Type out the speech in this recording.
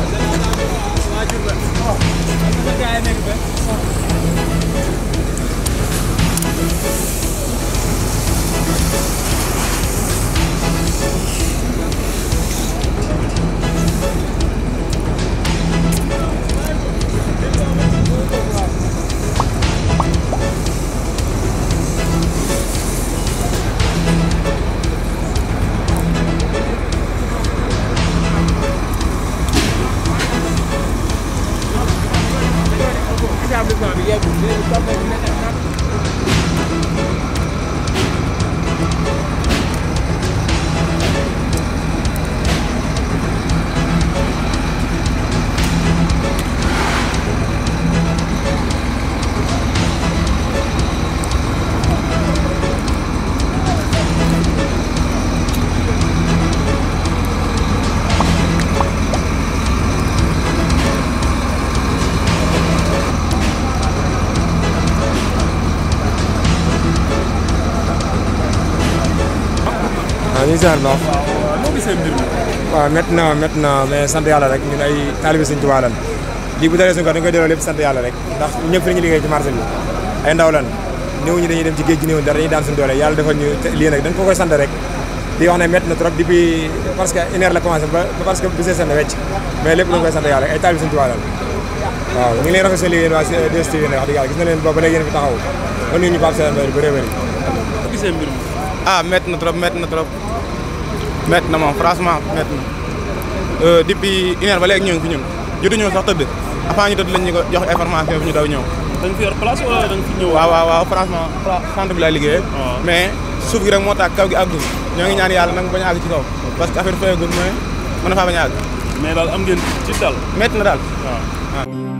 waaw bi yeggul ñu ngi ziar bu baax. waaw métti na métti na mais sant yàlla rek ñun ay taalibi Sëñ Tuubaa lan lii bu dalee suñu ko dañ koy delloo lépp sant yàlla rek ndax ñëpp dañuy liggéey ci marché bi ay ndaw lan néew ñu dañuy dem ci géej gi néew dara dañuy daan suñu doole yàlla defal ñu lii nag dañ ko koy sant rek di wax ne métti na trop depuis parce que une heure la commencé ba parce que bu see na wecc mais lépp dañ koy sant yàlla rek ay taalibi Sëñ Tuubaa lan waaw ñu ngi leen rafet seen liggéey waa DSTV ne wax dëgg yàlla gis na leen boobu ba léegi yéen fi taxaw ba nuyu ñu Pape Seye Mbaye bu réew ah métti na trop métti na trop métti na moom franchement métti na euh, depuis une heure ba léegi ñu ngi fi ñun jotuñu sax tëdd avant ñu tëdd lañ ñu jox information bi ñu daw ñëw. da nga fi yor place da nga fi ñëw. waaw waaw waaw franchement centre bi laay liggéeyee. Ah. mais suuf gi moo tax kaw gi àggul ñoo ngi ñaan yàlla nag bañ a àgg ci kaw. parce que affaire fayagul mooy mën na faa bañ a àgg. mais daal am ngeen ci dal. métti na daal ah. Ah.